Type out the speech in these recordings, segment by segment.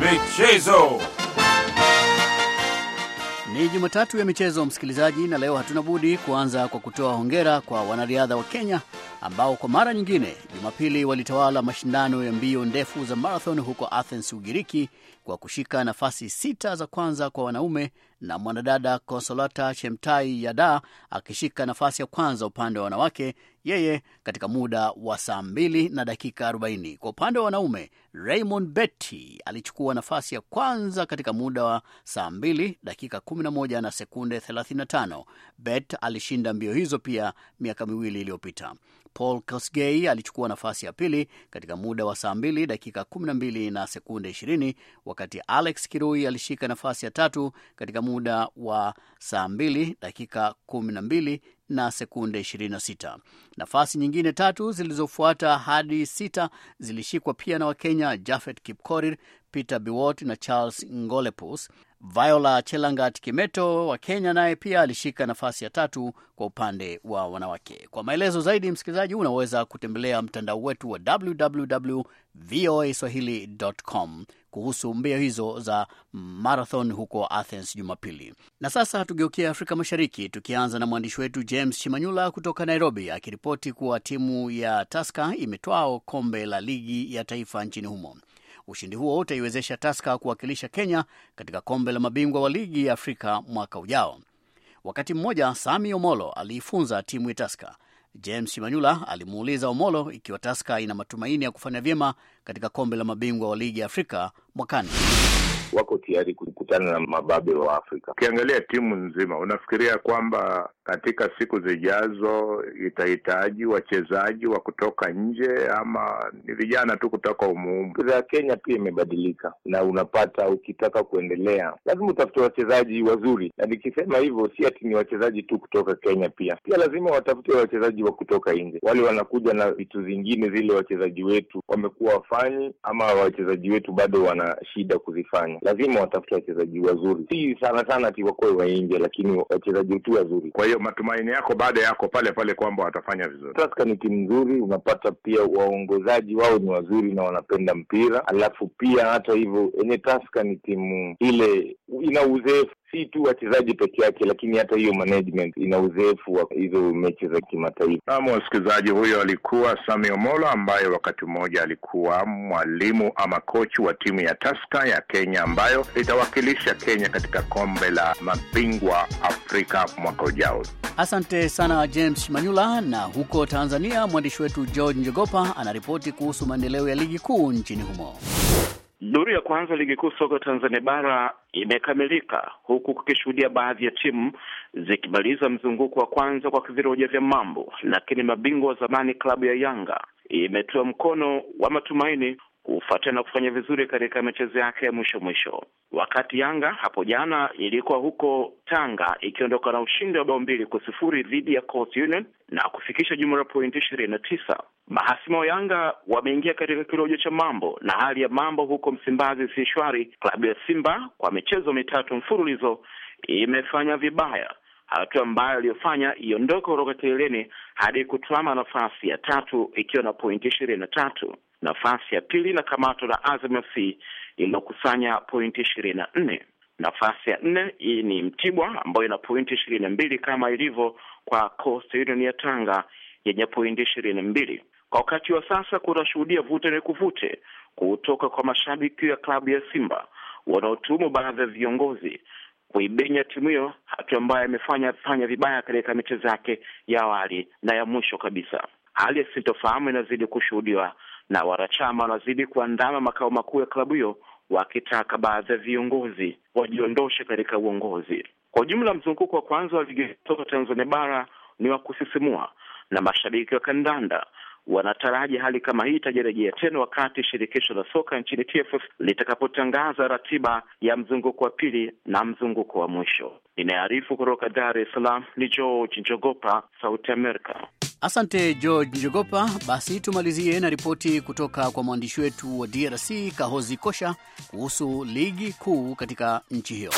Michezo ni Jumatatu ya michezo, msikilizaji, na leo hatuna budi kuanza kwa kutoa hongera kwa wanariadha wa Kenya ambao kwa mara nyingine Jumapili walitawala mashindano ya mbio ndefu za marathon huko Athens, Ugiriki, kwa kushika nafasi sita za kwanza kwa wanaume na mwanadada Konsolata Chemtai Yada akishika nafasi ya kwanza upande wa wanawake, yeye katika muda wa saa 2 na dakika 40. Kwa upande wa wanaume, Raymond Betty alichukua nafasi ya kwanza katika muda wa saa 2 dakika 11 na sekunde 35. Bet alishinda mbio hizo pia miaka miwili iliyopita. Paul Kosgei alichukua nafasi ya pili katika muda wa saa 2 dakika 12 na sekunde 20, wakati Alex Kirui alishika nafasi ya tatu katika muda wa saa 2 dakika 12 na sekunde 26. Nafasi nyingine tatu zilizofuata hadi sita zilishikwa pia na Wakenya Jafet Kipkorir, Peter Biwot na Charles Ngolepus. Viola Chelangat Kimeto wa Kenya naye pia alishika nafasi ya tatu kwa upande wa wanawake. Kwa maelezo zaidi, msikilizaji, unaweza kutembelea mtandao wetu wa www voa swahili.com kuhusu mbio hizo za marathon huko Athens Jumapili. Na sasa tugeukia Afrika Mashariki, tukianza na mwandishi wetu James Chimanyula kutoka Nairobi akiripoti kuwa timu ya Taska imetwao kombe la ligi ya taifa nchini humo. Ushindi huo utaiwezesha Taska kuwakilisha Kenya katika kombe la mabingwa wa ligi ya Afrika mwaka ujao. Wakati mmoja Sami Omolo aliifunza timu ya Taska James Manyula alimuuliza Omolo ikiwa Taska ina matumaini ya kufanya vyema katika kombe la mabingwa wa ligi ya Afrika mwakani. Wako tayari kukutana na mababe wa Afrika. Ukiangalia timu nzima, unafikiria kwamba katika siku zijazo itahitaji wachezaji wa kutoka nje ama ni vijana tu kutoka umuumu? Mpira ya Kenya pia imebadilika, na unapata ukitaka kuendelea lazima utafute wachezaji wazuri, na nikisema hivyo si ati ni wachezaji tu kutoka Kenya, pia pia lazima watafute wachezaji wa kutoka nje. Wale wanakuja na vitu zingine zile wachezaji wetu wamekuwa wafanyi, ama wachezaji wetu bado wana shida kuzifanya, lazima watafute wachezaji wachezaji wazuri, si sana sana ti wakoe wainja lakini wachezaji tu wazuri. Kwa hiyo matumaini yako baada yako pale pale kwamba watafanya vizuri. taska ni timu nzuri, unapata pia waongozaji wao ni wazuri na wanapenda mpira, alafu pia hata hivyo enye taska ni timu ile ina uzeefu si tu wachezaji peke yake, lakini hata hiyo management ina uzoefu wa hizo mechi za kimataifa. Naam, wasikilizaji, huyo alikuwa Sami Omolo ambaye wakati mmoja alikuwa mwalimu ama kochi wa timu ya taska ya Kenya ambayo itawakilisha Kenya katika kombe la mabingwa Afrika mwaka ujao. Asante sana James Manyula. Na huko Tanzania, mwandishi wetu George Njogopa anaripoti kuhusu maendeleo ya ligi kuu nchini humo. Duru ya kwanza ligi kuu soka Tanzania bara imekamilika huku kukishuhudia baadhi ya timu zikimaliza mzunguko wa kwanza kwa kiviroja vya mambo, lakini mabingwa wa zamani klabu ya Yanga imetoa mkono wa matumaini kufuatia na kufanya vizuri katika michezo yake ya mwisho mwisho. Wakati Yanga hapo jana ilikuwa huko Tanga ikiondoka na ushindi wa bao mbili kwa sifuri dhidi ya Coast Union na kufikisha jumla ya pointi ishirini na tisa. Mahasimu wa Yanga wameingia katika kirojo cha mambo na hali ya mambo huko Msimbazi si shwari. Klabu ya Simba kwa michezo mitatu mfululizo imefanya vibaya, hatua ambayo aliyofanya iondoke kutoka kileleni hadi kutwama nafasi ya tatu ikiwa na pointi ishirini na tatu nafasi ya pili na kamato la Azam FC lililokusanya pointi ishirini na nne. Nafasi ya nne hii ni Mtibwa ambayo ina pointi ishirini na mbili kama ilivyo kwa Coastal Union ya Tanga yenye pointi ishirini na mbili. Kwa wakati wa sasa kunashuhudia vute ni kuvute kutoka kwa mashabiki ya klabu ya Simba wanaotuhumu baadhi ya viongozi kuibenya timu hiyo, hatua ambayo imefanya fanya vibaya katika michezo yake ya awali na ya mwisho kabisa. Hali ya sintofahamu inazidi kushuhudiwa na wanachama wanazidi kuandama makao makuu ya klabu hiyo wakitaka baadhi ya viongozi wajiondoshe katika uongozi. Kwa ujumla, mzunguko wa kwanza wa ligi soka Tanzania bara ni wa kusisimua na mashabiki wa kandanda wanataraji hali kama hii itajirejea tena wakati shirikisho la soka nchini TFF litakapotangaza ratiba ya mzunguko wa pili na mzunguko wa mwisho. Inayoarifu kutoka Dar es Salaam ni George Njogopa, Sauti america Asante George Njogopa. Basi tumalizie na ripoti kutoka kwa mwandishi wetu wa DRC Kahozi Kosha kuhusu ligi kuu katika nchi hiyo.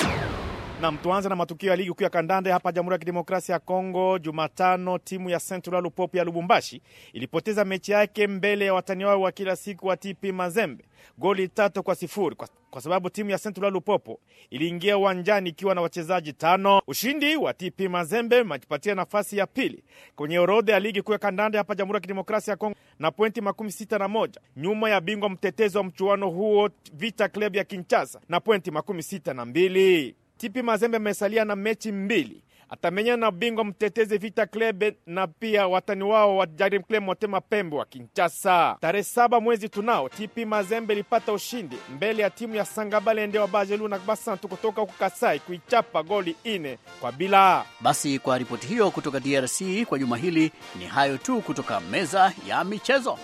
Nam, tuanze na matukio ya ligi kuu ya kandanda hapa Jamhuri ya Kidemokrasia ya Kongo. Jumatano, timu ya Central Lupopo ya Lubumbashi ilipoteza mechi yake mbele ya watani wao wa kila siku wa TP Mazembe goli tatu kwa sifuri kwa, kwa sababu timu ya Central Lupopo iliingia uwanjani ikiwa na wachezaji tano. Ushindi wa TP Mazembe majipatia nafasi ya pili kwenye orodha ya ligi kuu ya kandanda hapa Jamhuri ya Kidemokrasia ya Kongo na pointi makumi sita na moja nyuma ya bingwa mtetezi wa mchuano huo Vita Club ya Kinshasa na pointi makumi sita na mbili. Tipi Mazembe amesalia na mechi mbili, atamenya na bingwa mtetezi Vita Club na pia watani wao wa Darim Club Motema Pembe wa Kinshasa. Tarehe saba mwezi tunao, Tipi Mazembe ilipata ushindi mbele ya timu ya Sangabalende wa Bajelu na Basantu kutoka huko Kasai kuichapa goli ine kwa bila. Basi kwa ripoti hiyo kutoka DRC kwa juma hili, ni hayo tu kutoka meza ya michezo.